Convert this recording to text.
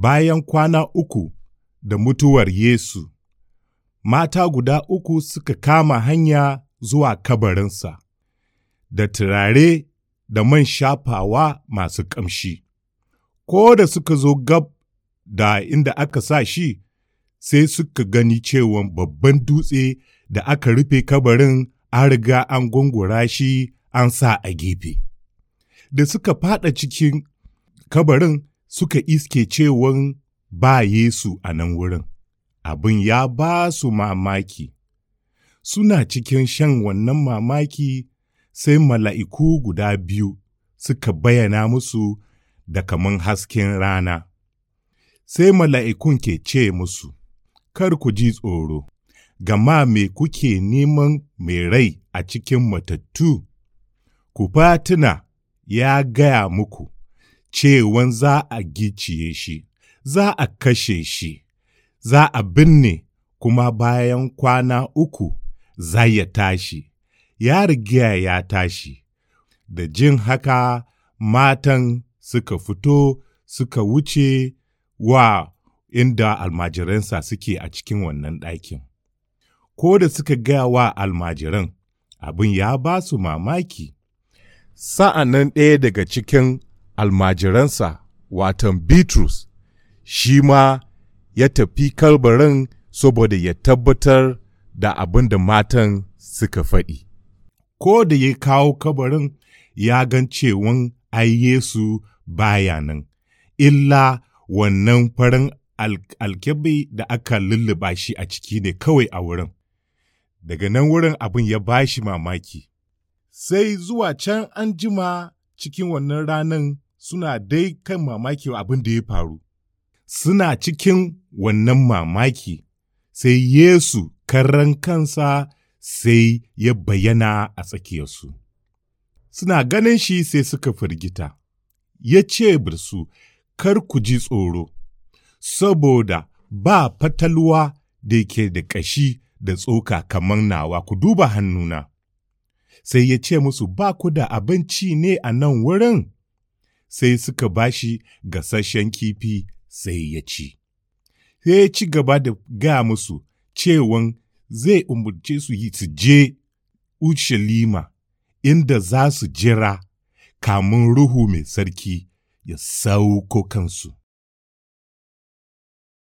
Bayan kwana uku da mutuwar Yesu, mata guda uku suka kama hanya zuwa kabarinsa, da turare da man shafawa masu ƙamshi. Ko da suka zo gab da inda aka sa shi, sai suka gani cewa babban dutse da aka rufe kabarin an riga an gungura shi an sa a gefe. Da suka fada cikin kabarin suka iske cewan ba Yesu a nan wurin, abin ya ba su mamaki. Suna cikin shan wannan mamaki sai mala'iku guda biyu suka bayyana musu da kaman hasken rana. Sai mala'ikun ke ce musu, Kar ku ji tsoro, gama me kuke neman mai rai a cikin matattu? Ku fatina ya gaya muku. cewan za a giciye shi, za a kashe shi, za a binne kuma bayan kwana uku za ya tashi, ya riga ya tashi. Da jin haka matan suka fito suka wuce wa inda almajiransa suke a cikin wannan ɗakin. Ko da suka gaya wa almajiran, abin ya ba su mamaki. Sa'an nan ɗaya daga cikin almajiransa watan Bitrus, shi ma ya tafi kalbarin saboda ya tabbatar da abin da matan suka faɗi. Ko da ya kawo kabarin ya gan cewan ai Yesu baya nan, illa wannan farin alkebe da aka lulluba shi a ciki ne kawai a wurin. Daga nan wurin abin ya ba shi mamaki. Sai zuwa can an jima cikin wannan ranan suna dai kan mamaki abin da ya faru. Suna cikin wannan mamaki, sai Yesu karan kansa sai ya bayyana a tsakiyarsu. Suna ganin shi sai suka firgita, ya ce birsu, Kar ku ji tsoro, saboda ba fatalwa da ke da ƙashi da tsoka kamar nawa ku duba hannuna. Sai ya ce musu ba ku da abinci ne a nan wurin? sai suka bashi gasasshen kifi sai ya ci. Sai ya ci gaba da ga musu cewan zai umarci su yi su je Urshalima inda za su jira kamun Ruhu mai sarki ya sauko kansu.